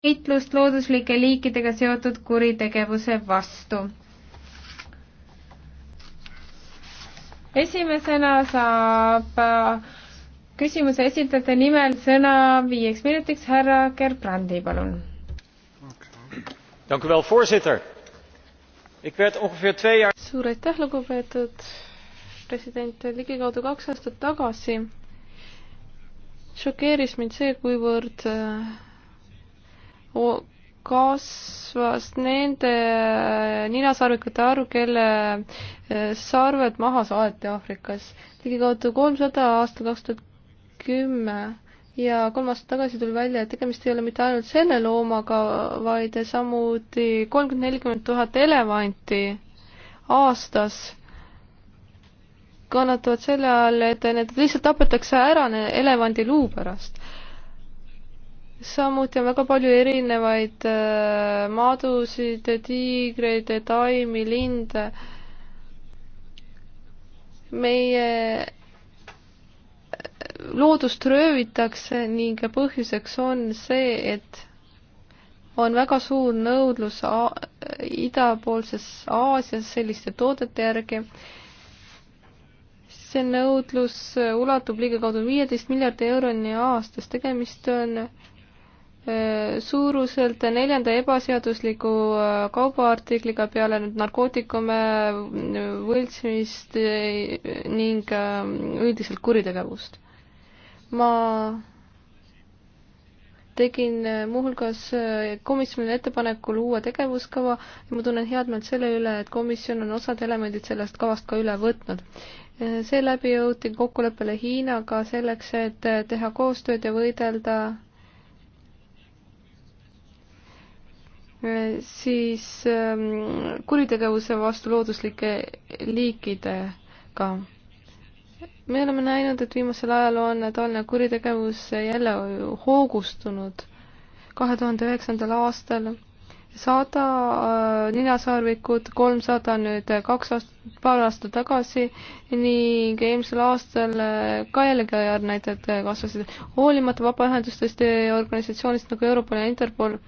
võitlust looduslike liikidega seotud kuritegevuse vastu. esimesena saab äh, küsimuse esitajate nimel sõna viieks minutiks härra Gerbrandi, palun. suur aitäh, lugupeetud president, ligikaudu kaks aastat tagasi šokeeris mind see, kuivõrd äh, kasvas nende ninasarvikute arv, kelle e, sarved maha saeti Aafrikas. ligikaudu kolmsada aastal kaks tuhat kümme ja kolm aastat tagasi tuli välja, et tegemist ei ole mitte ainult selle loomaga, vaid samuti kolmkümmend, nelikümmend tuhat elevanti aastas kannatavad selle all, et need lihtsalt tapetakse ära elevandiluu pärast samuti on väga palju erinevaid äh, madusid, tiigreid, taimi, linde. meie äh, loodust röövitakse ning põhjuseks on see, et on väga suur nõudlus idapoolses Aasias selliste toodete järgi. see nõudlus ulatub ligikaudu viieteist miljardi euroni aastas, tegemist on suuruselt neljanda ebaseadusliku äh, kaubaartikliga peale nüüd narkootikume võltsimist äh, ning äh, üldiselt kuritegevust. ma tegin muuhulgas komisjonile ettepanekul uue tegevuskava ja ma tunnen head meelt selle üle, et komisjon on osad elemendid sellest kavast ka üle võtnud seeläbi jõuti kokkuleppele Hiinaga selleks, et teha koostööd ja võidelda Äh, siis ähm, kuritegevuse vastu looduslike liikidega. me oleme näinud, et viimasel ajal on taoline kuritegevus jälle hoogustunud. kahe tuhande üheksandal aastal sada äh, ninasarvikut, kolmsada nüüd kaks aastat, paar aastat tagasi ning eelmisel aastal äh, ka jällegi näitajad kasvasid. hoolimata vabaühendustest ja organisatsioonist nagu Europol ja Interpol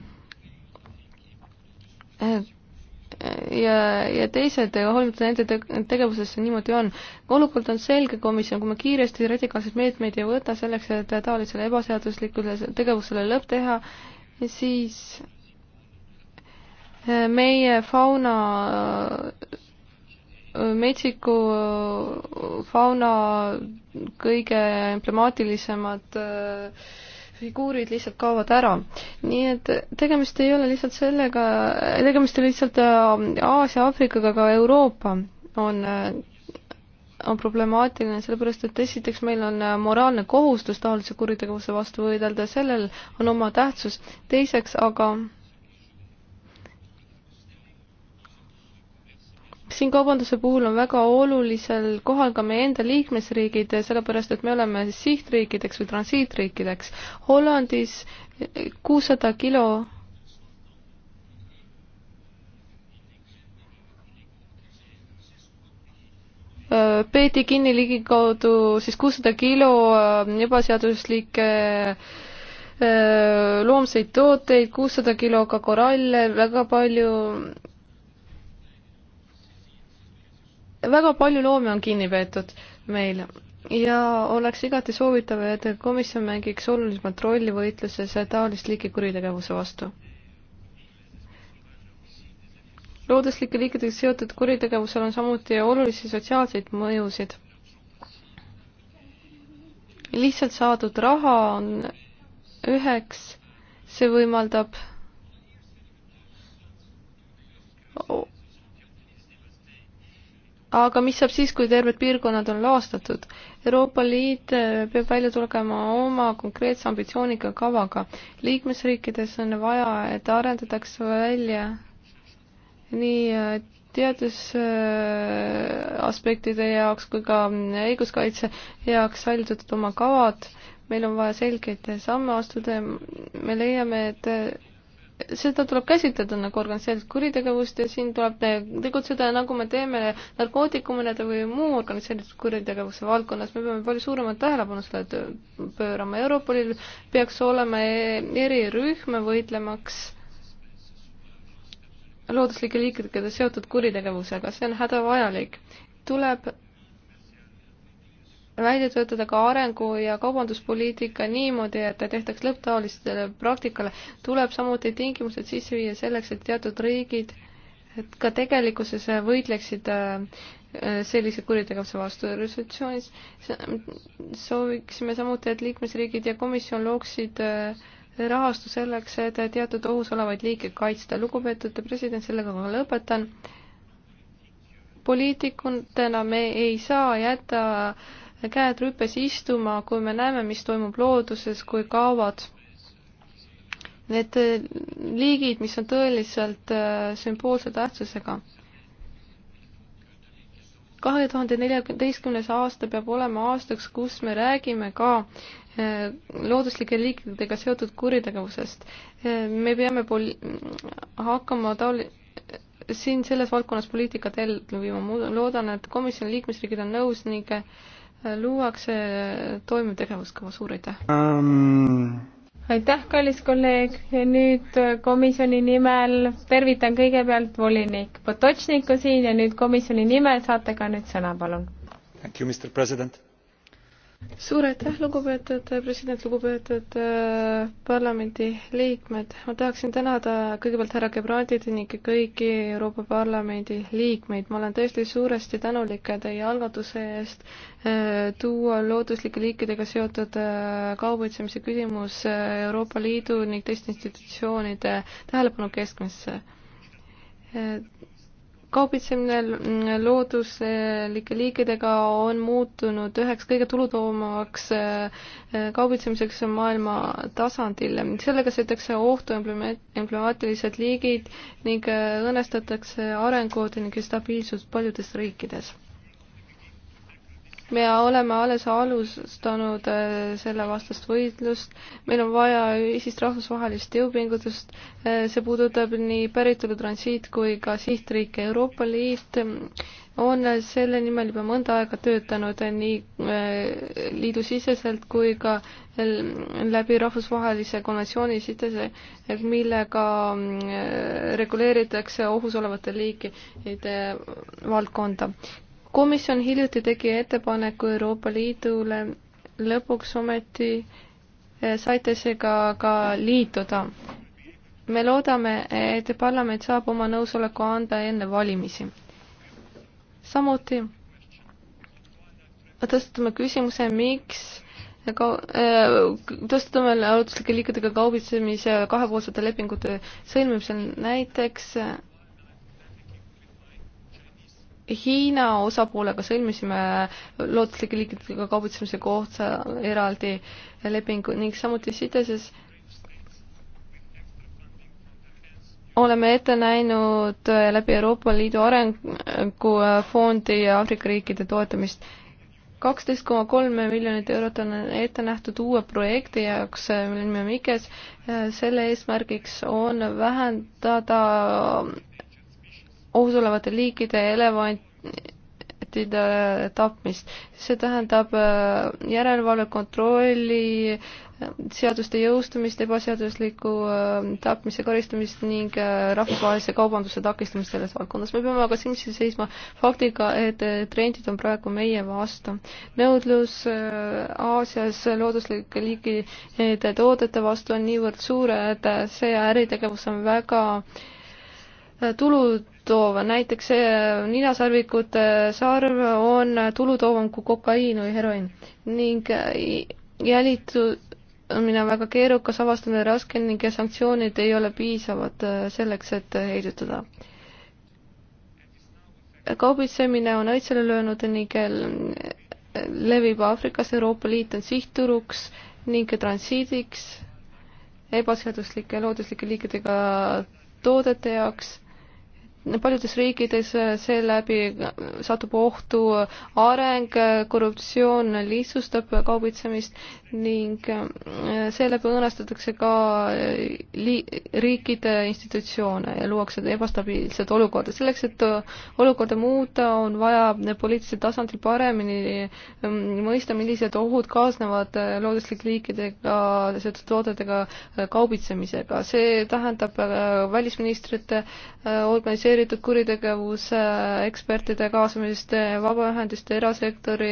ja, ja teised hoolimata nende tegevusest see niimoodi on. olukord on selge, komisjon, kui me kiiresti radikaalseid meetmeid ei võta selleks, et taolisele ebaseaduslikule tegevusele lõpp teha, siis äh, meie fauna, äh, metsiku äh, fauna kõige emblemaatilisemad äh, figuurid lihtsalt kaovad ära. nii et tegemist ei ole lihtsalt sellega, tegemist on lihtsalt äh, Aasia, Aafrikaga, ka Euroopa on äh, on problemaatiline, sellepärast et esiteks meil on äh, moraalne kohustus taolise kuritegevuse vastu võidelda, sellel on oma tähtsus, teiseks aga siin kaubanduse puhul on väga olulisel kohal ka meie enda liikmesriigid, sellepärast et me oleme sihtriikideks või transiitriikideks. Hollandis kuussada kilo peeti kinni ligikaudu siis kuussada kilo äh, ebaseaduslikke äh, loomseid tooteid, kuussada kilo ka koralle, väga palju väga palju loomi on kinni peetud meil ja oleks igati soovitav, et komisjon mängiks olulisemat rolli võitluses taolist liiki kuritegevuse vastu. looduslike liikidega seotud kuritegevusel on samuti olulisi sotsiaalseid mõjusid. lihtsalt saadud raha on üheks, see võimaldab aga mis saab siis, kui terved piirkonnad on laastatud? Euroopa Liit eh, peab välja tulema oma konkreetse ambitsiooniga kavaga. liikmesriikides on vaja, et arendatakse välja nii eh, teadusaspektide eh, jaoks kui ka mm, õiguskaitse heaks välja töötatud oma kavad, meil on vaja selgeid samme astuda ja me leiame, et seda tuleb käsitleda nagu organiseeritud kuritegevust ja siin tuleb tegutseda nagu me teeme narkootikumide või muu organiseeritud kuritegevuse valdkonnas, me peame palju suuremat tähelepanu sellele pöörama. Europolil peaks olema e-, erirühm võitlemaks looduslike liikidega seotud kuritegevusega, see on hädavajalik. tuleb välja töötada ka arengu- ja kaubanduspoliitika niimoodi, et tehtaks lõpp taolistele praktikale, tuleb samuti tingimused sisse viia selleks, et teatud riigid et ka tegelikkuses võitleksid äh, sellise kuritegevuse vastu resolutsioonis. sooviksime samuti, et liikmesriigid ja komisjon looksid äh, rahastu selleks, et teatud ohus olevaid liike kaitsta. lugupeetud president, sellega ma lõpetan. poliitikutena me ei saa jätta äh, käed rüpes istuma, kui me näeme, mis toimub looduses, kui kaovad need äh, liigid, mis on tõeliselt äh, sümboolse tähtsusega. kahe tuhande neljateistkümnes aasta peab olema aastaks, kus me räägime ka äh, looduslike liikidega seotud kuritegevusest. me peame poli-, hakkama taoli-, siin selles valdkonnas poliitikat ellu viima, ma loodan, et komisjoni liikmesriigid on nõus ning luuakse toimiv tegevuskava, suur aitäh um...! aitäh, kallis kolleeg ja nüüd äh, komisjoni nimel tervitan kõigepealt volinik Potočniku siin ja nüüd komisjoni nimel saate ka nüüd sõna, palun. Thank you, Mr President suur aitäh, lugupeetud president, lugupeetud äh, parlamendi liikmed. ma tahaksin tänada kõigepealt härra Gebrandit ning kõiki Euroopa Parlamendi liikmeid. ma olen tõesti suuresti tänulik teie algatuse eest äh, tuua looduslike liikidega seotud äh, kaubitsemise küsimus Euroopa Liidu ning teiste institutsioonide tähelepanu keskmesse kaubitsemine looduslike liikidega on muutunud üheks kõige tulutoomavaks eh, kaubitsemiseks maailma tasandil. sellega seatakse ohtu emblemaatilised liigid ning eh, õõnestatakse arengut ning stabiilsust paljudes riikides me oleme alles alustanud äh, selle vastast võitlust, meil on vaja ühist rahvusvahelist jõupingutust, äh, see puudutab nii päritolu transiit kui ka sihtriike. Euroopa Liit on selle nimel juba mõnda aega töötanud nii äh, liidusiseselt kui ka läbi rahvusvahelise konventsiooni sisese, millega reguleeritakse ohus olevate liikide valdkonda komisjon hiljuti tegi ettepaneku Euroopa Liidule, lõpuks ometi eh, saite seega ka liituda. me loodame, et parlament saab oma nõusoleku anda enne valimisi. samuti tõstatame küsimuse, miks ka-, eh, tõstatame looduslike liikidega kaubitsemise kahepoolsete lepingute sõlmimisel näiteks Hiina osapoolega sõlmisime looduslike liikidega kaubitsemise kohta eraldi lepingu ning samuti sideses oleme ette näinud läbi Euroopa Liidu Arengufondi Aafrika riikide toetamist. kaksteist koma kolm miljonit eurot on ette nähtud uue projekti jaoks, mille nimi on Mikes. selle eesmärgiks on vähendada ohus olevate liikide ja elevantide tapmist. see tähendab äh, järelevalve kontrolli, äh, seaduste jõustumist, ebaseadusliku äh, tapmise karistamist ning rahvusvahelise kaubanduse takistamist selles valdkonnas. me peame aga silmitsi seisma faktiga, et trendid on praegu meie vastu. nõudlus Aasias looduslike liikide toodete vastu on niivõrd suur, et see äritegevus on väga äh, tulu toov, näiteks eh, ninasarvikute sarv on tulutoovam kui kokaiin või heroiin ning eh, jälitamine on väga keerukas, avastamine raske ning sanktsioonid ei ole piisavad eh, selleks, et heidutada. kaubitsemine on õitsele löönud ning levib Aafrikas, Euroopa Liit on sihtturuks ning transiidiks ebaseaduslike looduslike liikidega toodete jaoks paljudes riikides eh, seeläbi satub ohtu eh, areng, eh, korruptsioon lihtsustab kaubitsemist ning seeläbi õõnestatakse ka li-, riikide institutsioone ja luuakse ebastabiilset olukorda. selleks, et olukorda muuta, on vaja poliitilisel tasandil paremini mõista, millised ohud kaasnevad looduslike liikidega, seotud toodetega kaubitsemisega. see tähendab välisministrite organiseerimist, organiseeritud kuritegevuse ekspertide kaasamist, vabaühenduste, erasektori,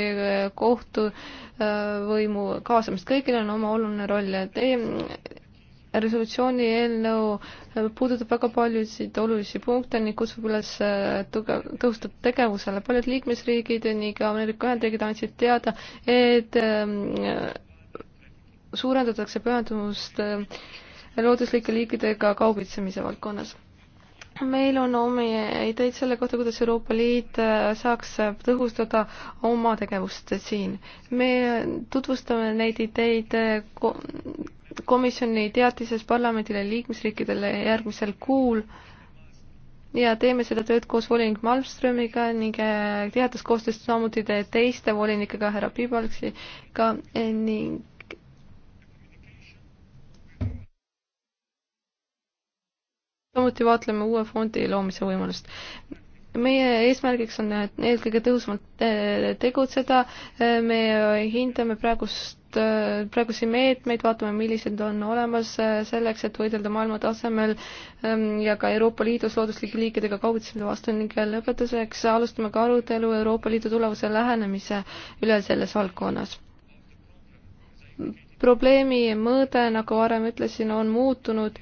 kohtuvõimu äh, kaasamist, kõigil on oma oluline roll ja teie resolutsiooni eelnõu äh, puudutab väga paljusid olulisi punkte ning kutsub üles äh, tugev, tõhustatud tegevusele. paljud liikmesriigid ning Ameerika Ühendriigid andsid teada, et ähm, suurendatakse pühendumust looduslike liikidega kaubitsemise valdkonnas meil on omi ideid selle kohta, kuidas Euroopa Liit äh, saaks tõhustada oma tegevust siin. me tutvustame neid ideid äh, komisjoni teatises parlamendile liikmesriikidele järgmisel kuul ja teeme seda tööd koos volinik Malmströmiga ning äh, teatas koostööst samuti teiste volinikega härra Pibalksiga ning samuti vaatleme uue fondi loomise võimalust. meie eesmärgiks on eelkõige tõhusamalt eh, tegutseda, eh, me hindame praegust, eh, praegusi meetmeid, vaatame, millised on olemas selleks, et võidelda maailma tasemel ehm, ja ka Euroopa Liidus looduslike liikidega kaubitsemise vastu ning lõpetuseks alustame ka arutelu Euroopa Liidu tulevuse lähenemise üle selles valdkonnas probleemi mõõde, nagu varem ütlesin, on muutunud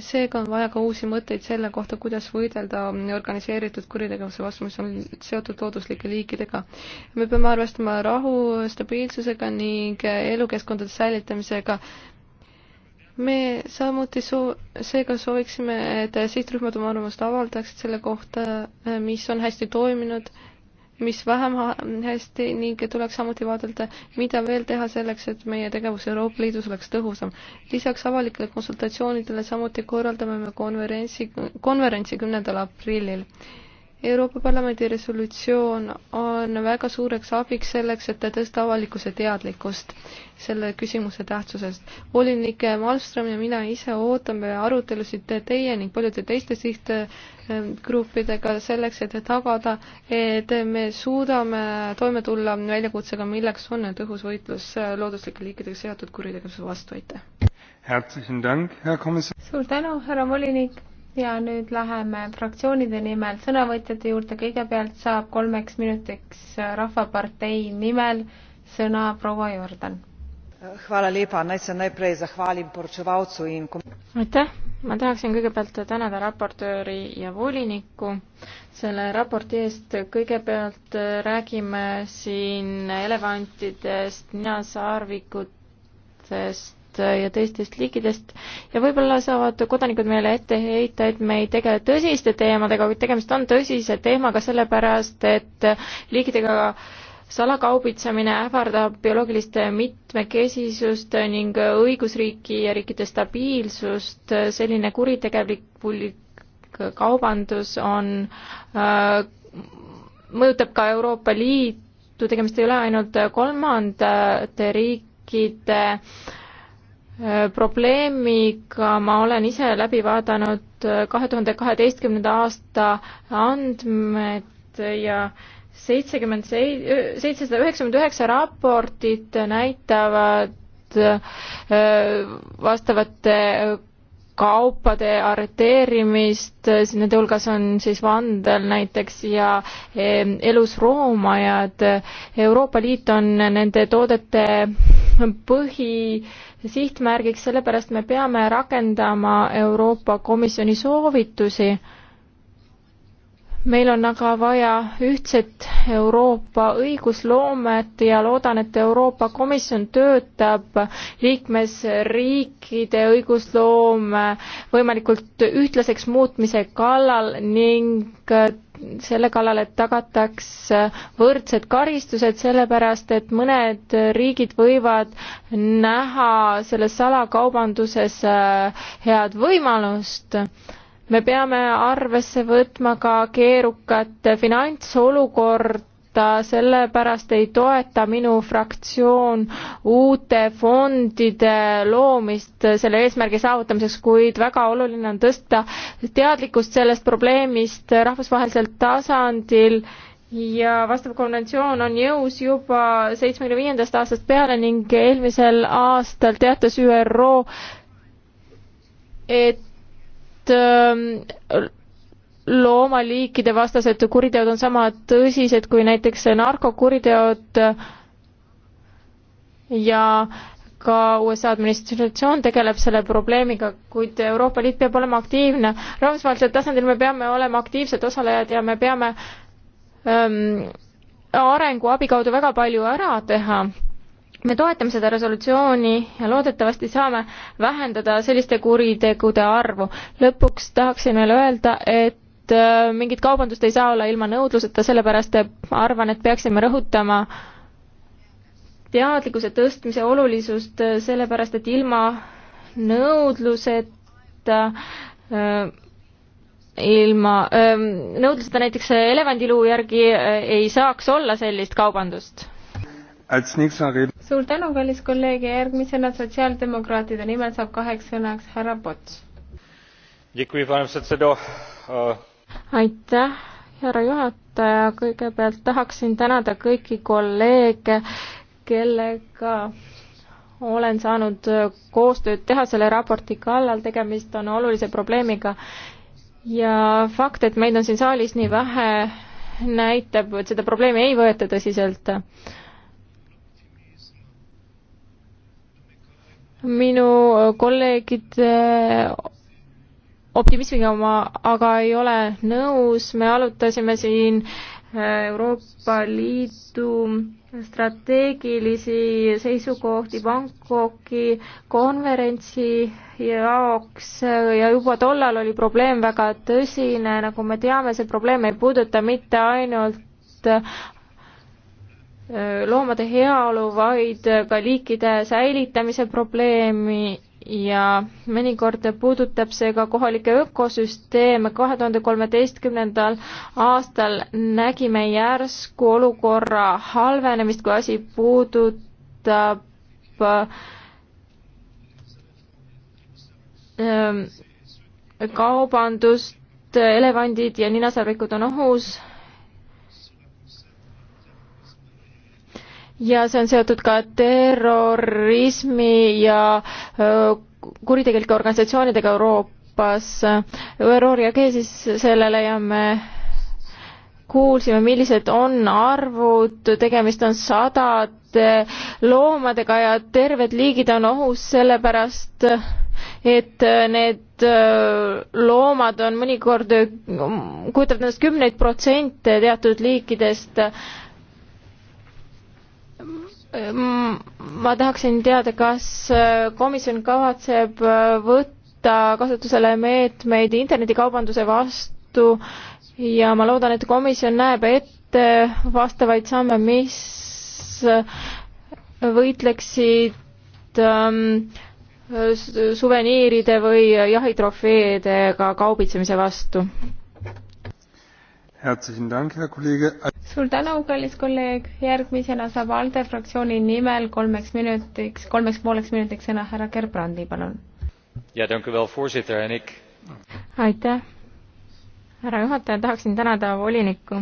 seega on vaja ka uusi mõtteid selle kohta, kuidas võidelda organiseeritud kuritegevuse vastu, mis on seotud looduslike liikidega. me peame arvestama rahu, stabiilsusega ning elukeskkondade säilitamisega. me samuti soo-, seega sooviksime, et sihtrühmad oma arvamust avaldaksid selle kohta, mis on hästi toiminud mis vähem hästi ning tuleks samuti vaadelda, mida veel teha selleks, et meie tegevus Euroopa Liidus oleks tõhusam. lisaks avalikele konsultatsioonidele samuti korraldame me konverentsi, konverentsi kümnendal aprillil Euroopa Parlamendi resolutsioon on väga suureks abiks selleks, et tõsta avalikkuse teadlikkust selle küsimuse tähtsusest. volinik Malmström ja mina ise ootame arutelusid teie ning paljude teiste sihtgruppidega selleks, et tagada, et me suudame toime tulla väljakutsega, milleks on tõhus võitlus looduslike liikidega seotud kuritegevuse vastu, aitäh! suur tänu, härra volinik! ja nüüd läheme fraktsioonide nimel sõnavõtjate juurde, kõigepealt saab kolmeks minutiks Rahvapartei nimel sõna proua Jordan. aitäh, ma tahaksin kõigepealt tänada raportööri ja volinikku selle raporti eest. kõigepealt räägime siin elevantidest, ninasarvikutest, Aafrikast äh, ja teistest liikidest ja võib-olla saavad kodanikud meile ette heita, et me ei tegele tõsiste teemadega, kuid tegemist on tõsise teemaga, sellepärast et liikidega salakaubitsemine ähvardab bioloogilist mitmekesisust ning õigusriiki ja riikide stabiilsust, selline kuritegelik kaubandus on, äh, mõjutab ka Euroopa Liitu, tegemist ei ole ainult kolmandate riikide äh, Äh, probleemiga ma olen ise läbi vaadanud äh, kahe tuhande kaheteistkümnenda aasta andmed ja seitsekümmend sei-, seitsesada üheksakümmend üheksa raportit näitavad äh, vastavate kaupade arreteerimist, nende hulgas on siis vandel näiteks ja elusroomajad. Euroopa Liit on nende toodete põhi sihtmärgiks, sellepärast me peame rakendama Euroopa Komisjoni soovitusi. meil on aga vaja ühtset Euroopa õigusloomet ja loodan, et Euroopa Komisjon töötab liikmesriikide õigusloome võimalikult ühtlaseks muutmise kallal ning selle kallal, et tagataks võrdsed karistused, sellepärast et mõned riigid võivad näha selles salakaubanduses äh, head võimalust. me peame arvesse võtma ka keerukat finantsolukorda, kohta, sellepärast ei toeta minu fraktsioon uute fondide loomist selle eesmärgi saavutamiseks, kuid väga oluline on tõsta teadlikkust sellest probleemist rahvusvahelisel tasandil ja vastav konventsioon on jõus juba seitsmekümne viiendast aastast peale ning eelmisel aastal teatas ÜRO, et ähm, loomaliikide vastased kuriteod on sama tõsised kui näiteks narkokuriteod ja ka USA administratsioon tegeleb selle probleemiga, kuid Euroopa Liit peab olema aktiivne. rahvusvahelisel tasandil me peame olema aktiivsed osalejad ja me peame ähm, arenguabi kaudu väga palju ära teha me toetame seda resolutsiooni ja loodetavasti saame vähendada selliste kuritegude arvu. lõpuks tahaksin veel öelda, et et äh, mingit kaubandust ei saa olla ilma nõudluseta, sellepärast arvan, et peaksime rõhutama teadlikkuse tõstmise olulisust, äh, sellepärast et ilma nõudluseta äh, ilma, ähm, nõudluseta näiteks elevandiluu järgi ei saaks olla sellist kaubandust suur tänu, kallis kolleeg ja järgmisena sotsiaaldemokraatide nimel saab kaheks sõnaks härra Pots aitäh, härra juhataja, kõigepealt tahaksin tänada kõiki kolleege, kellega olen saanud koostööd teha selle raporti kallal, tegemist on olulise probleemiga ja fakt, et meid on siin saalis nii vähe, näitab, et seda probleemi ei võeta tõsiselt. minu kolleegide optimismiga ma aga ei ole nõus, me arutasime siin äh, Euroopa Liidu strateegilisi seisukohti Bangkoki konverentsi jaoks ja juba tollal oli probleem väga tõsine, nagu me teame, see probleem ei puuduta mitte ainult äh, loomade heaolu, vaid ka liikide säilitamise probleemi ja mõnikord puudutab see ka kohalikke ökosüsteeme. kahe tuhande kolmeteistkümnendal aastal nägime järsku olukorra halvenemist, kui asi puudutab ähm, kaubandust, elevandid ja ninasarvikud on ohus ja see on seotud ka terrorismi ja kuritegelike organisatsioonidega Euroopas. ÜRO reageeris sellele ja me kuulsime, millised on arvud, tegemist on sadade loomadega ja terved liigid on ohus sellepärast, et need loomad on mõnikord, kujutavad endast kümneid protsente teatud liikidest ma tahaksin teada, kas äh, komisjon kavatseb äh, võtta kasutusele meetmeid internetikaubanduse vastu ja ma loodan, et komisjon näeb ette vastavaid samme, mis äh, võitleksid ähm, suveniiride või jahitrofeedega kaubitsemise vastu suur tänu, kallis kolleeg, järgmisena saab ALDE fraktsiooni nimel kolmeks minutiks, kolmeks pooleks minutiks sõna härra Gerbrandi, palun. aitäh, härra juhataja, tahaksin tänada volinikku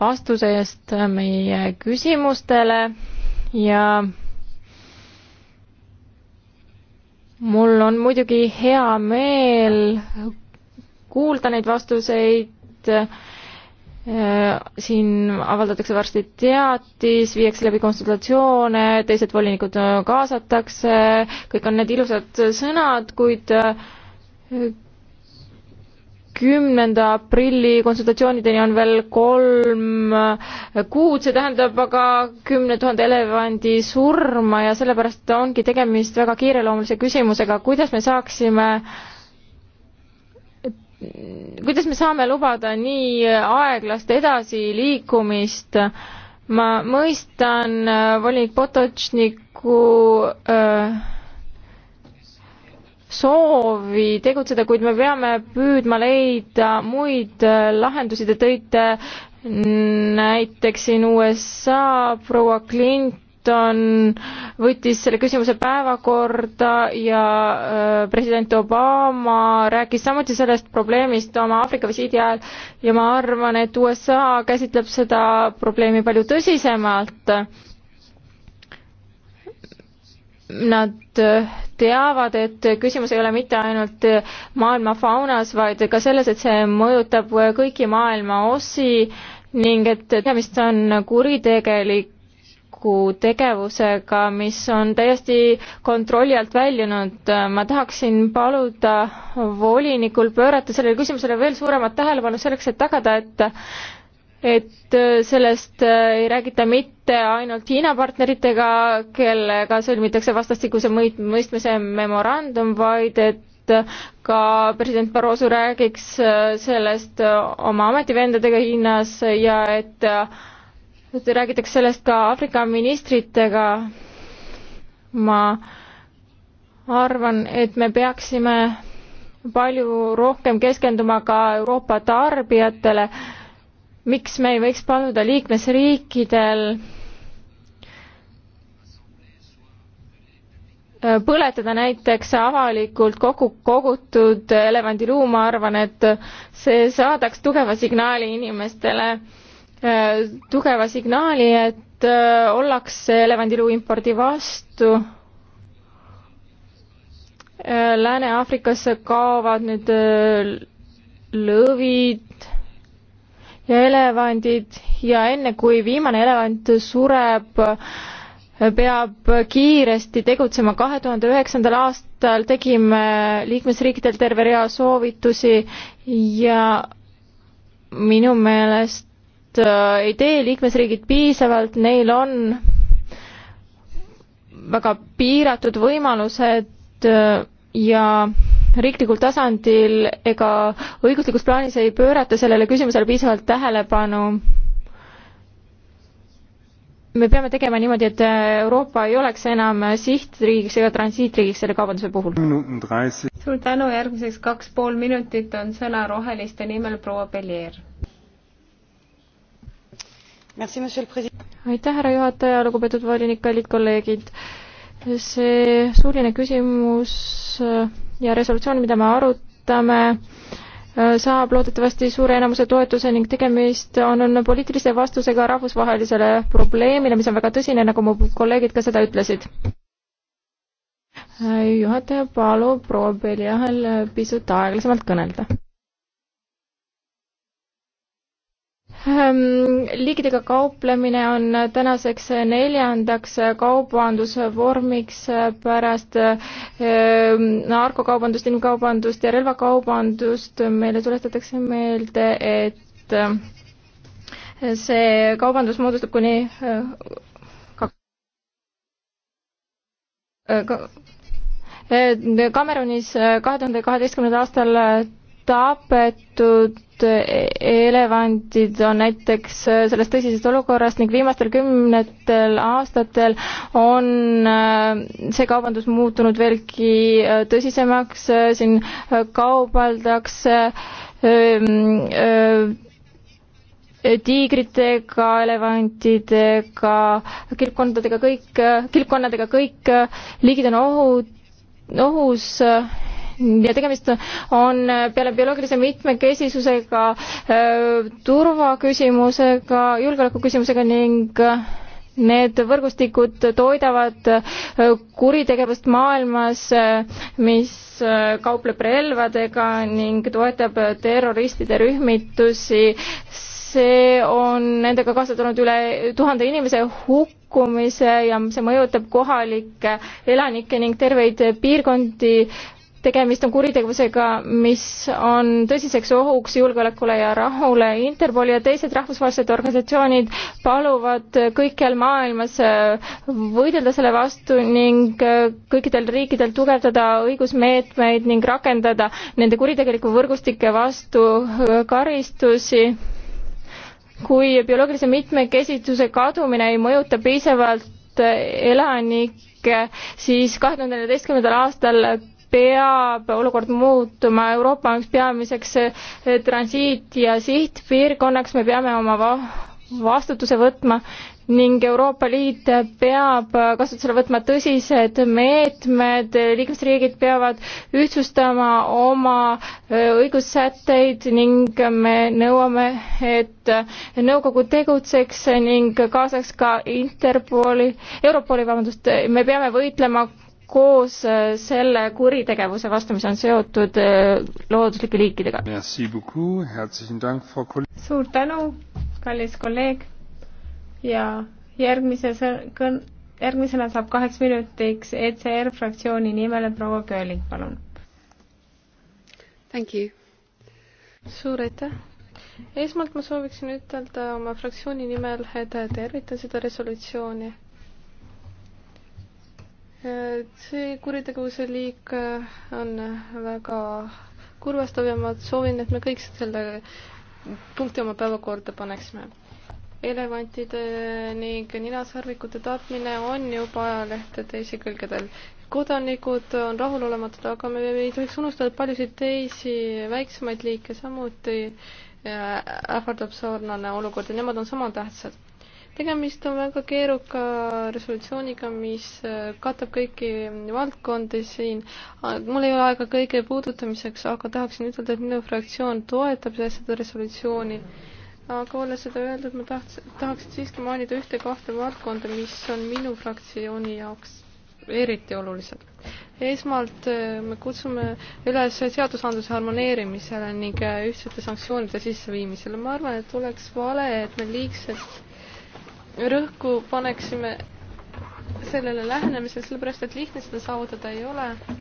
vastuse eest meie küsimustele ja mul on muidugi hea meel kuulda neid vastuseid Äh, siin avaldatakse varsti teatis, viiakse läbi konsultatsioone, teised volinikud äh, kaasatakse, kõik on need ilusad sõnad, kuid äh, kümnenda aprilli konsultatsioonideni on veel kolm kuud, see tähendab aga kümne tuhande elevandi surma ja sellepärast ongi tegemist väga kiireloomulise küsimusega, kuidas me saaksime äh, kuidas me saame lubada nii aeglast edasiliikumist? ma mõistan äh, volinik Potočniku äh, soovi tegutseda, kuid me peame püüdma leida muid äh, lahendusi, te tõite näiteks siin USA proua Clint Clinton võttis selle küsimuse päevakorda ja äh, president Obama rääkis samuti sellest probleemist oma Aafrika visiidi ajal ja ma arvan, et USA käsitleb seda probleemi palju tõsisemalt. Nad teavad, et küsimus ei ole mitte ainult maailma faunas, vaid ka selles, et see mõjutab kõiki maailma osi ning et tegemist on kuritegelik tegevusega, mis on täiesti kontrolli alt väljunud. ma tahaksin paluda volinikul pöörata sellele küsimusele veel suuremat tähelepanu selleks, et tagada, et et sellest ei räägita mitte ainult Hiina partneritega, kellega sõlmitakse vastastikuse mõistmise memorandum, vaid et ka president Barroso räägiks sellest oma ametivendadega Hiinas ja et räägitakse sellest ka Aafrika ministritega. ma arvan, et me peaksime palju rohkem keskenduma ka Euroopa tarbijatele. miks me ei võiks paluda liikmesriikidel põletada näiteks avalikult kokku kogutud elevandiluu, ma arvan, et see saadaks tugeva signaali inimestele Äh, tugeva signaali, et äh, ollakse elevandiluu impordi vastu. Äh, Lääne-Aafrikasse kaovad nüüd lõvid ja elevandid ja enne, kui viimane elevant sureb, peab kiiresti tegutsema. kahe tuhande üheksandal aastal tegime liikmesriikidel terve rea soovitusi ja minu meelest Äh, ei tee liikmesriigid piisavalt, neil on väga piiratud võimalused äh, ja riiklikul tasandil ega õiguslikus plaanis ei pöörata sellele küsimusele piisavalt tähelepanu. me peame tegema niimoodi, et Euroopa ei oleks enam sihtriigiks ega transiitriigiks selle kaubanduse puhul. suur tänu, järgmiseks kaks pool minutit on sõna roheliste nimel proua Belier aitäh, härra juhataja, lugupeetud volinik, kallid kolleegid. see suuline küsimus ja resolutsioon, mida me arutame, saab loodetavasti suure enamuse toetuse ning tegemist on, on poliitilise vastusega rahvusvahelisele probleemile, mis on väga tõsine, nagu mu kolleegid ka seda ütlesid. juhataja palub proua Beliahel pisut aeglasemalt kõnelda Ehm, liigidega kauplemine on tänaseks neljandaks kaubandusvormiks pärast ehm, narkokaubandust, inimkaubandust ja relvakaubandust. meile tuletatakse meelde, et ehm, see kaubandus moodustab kuni Kamerunis kahe tuhande kaheteistkümnendal aastal tapetud elevandid on näiteks sellest tõsisest olukorrast ning viimastel kümnetel aastatel on äh, see kaubandus muutunud veelgi äh, tõsisemaks, äh, siin kaubeldakse ähm, tiigritega, elevantidega, kilpkondadega kõik, kilpkonnadega kõik liigid on ohut-, ohus ja tegemist on äh, peale bioloogilise mitmekesisusega, äh, turvaküsimusega, julgeolekuküsimusega ning äh, Need võrgustikud toidavad kuritegevust maailmas, mis kaupleb relvadega ning toetab terroristide rühmitusi. see on nendega kaasa toonud üle tuhande inimese hukkumise ja see mõjutab kohalikke elanikke ning terveid piirkondi tegemist on kuritegevusega, mis on tõsiseks ohuks julgeolekule ja rahule. Interpol ja teised rahvusvahelised organisatsioonid paluvad kõikjal maailmas äh, võidelda selle vastu ning äh, kõikidel riikidel tugevdada õigusmeetmeid ning rakendada nende kuritegeliku võrgustike vastu äh, karistusi kui bioloogilise mitmekesisuse kadumine ei mõjuta piisavalt elanikke, siis kahe tuhande neljateistkümnendal aastal peab olukord muutuma, Euroopa on üks peamiseks eh, transiit- ja sihtpiirkonnaks, me peame oma va-, vastutuse võtma ning Euroopa Liit peab kasutusele võtma tõsised meetmed, liikmesriigid peavad ühtsustama oma eh, õigussätteid ning me nõuame, et nõukogu tegutseks ning kaasaks ka Interpoli, Europoli, vabandust, me peame võitlema koos äh, selle kuritegevuse vastu, mis on seotud äh, looduslike liikidega. suur tänu, kallis kolleeg ja järgmise kõn-, järgmisena saab kaheks minutiks ECR fraktsiooni nimel proua Kööling, palun. suur aitäh esmalt ma sooviksin ütelda oma fraktsiooni nimel, et tervitan seda resolutsiooni see kuritegevuse liik äh, on väga kurvastav ja ma soovin, et me kõik selle punkti oma päevakorda paneksime. elevantide ning ninasarvikute tapmine on juba ajalehtede esikülgedel. kodanikud on rahulolematud, aga me ei tohiks unustada paljusid teisi väiksemaid liike samuti äh, ähvardab sarnane olukord ja nemad on sama tähtsad tegemist on väga keeruka resolutsiooniga, mis äh, katab kõiki valdkondi siin. mul ei ole aega kõige puudutamiseks, aga tahaksin ütelda, et minu fraktsioon toetab seda resolutsiooni. aga olles seda öeldud, ma tahaks, tahaksin siiski mainida ühte-kahte valdkonda, mis on minu fraktsiooni jaoks eriti olulised. esmalt äh, me kutsume üles seadusandluse harmoneerimisele ning äh, ühtsete sanktsioonide sisseviimisele. ma arvan, et oleks vale, et me liigselt rõhku paneksime sellele lähenemisele, sellepärast et lihtne seda saavutada ei ole.